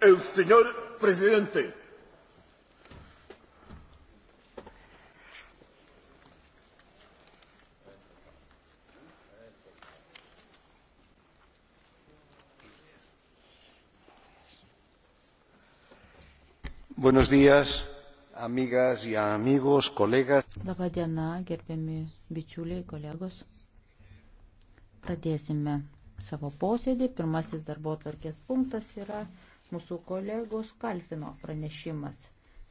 el señor presidente. Buenos días, amigas y amigos, colegas. Labą dieną, gerbiami bičiuliai, kolegos. Pradėsime savo posėdį. Pirmasis darbo tvarkės punktas yra mūsų kolegos Kalfino pranešimas.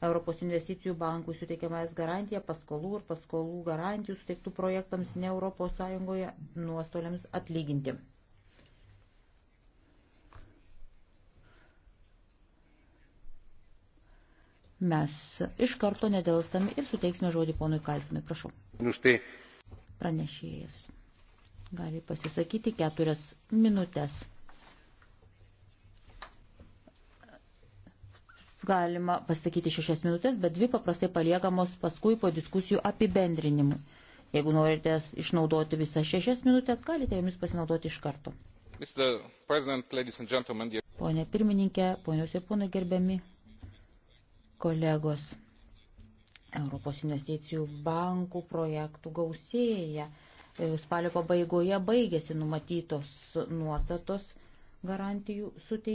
Europos investicijų bankų suteikiamas garantija paskolų ir paskolų garantijų suteiktų projektams ne ES nuostoliams atlyginti. Mes iš karto nedėlstami ir suteiksime žodį ponui Kalfinui. Prašau. Nuštai. Pranešėjas. Gali pasisakyti keturias minutės. galima pasakyti šešias minutės, bet dvi paprastai paliekamos paskui po diskusijų apibendrinimui. Jeigu norite išnaudoti visas šešias minutės, galite jomis pasinaudoti iš karto. Pone pirmininkė, ponios ir ponai gerbiami kolegos, Europos investicijų bankų projektų gausėja. Spalio pabaigoje baigėsi numatytos nuostatos garantijų suteikti.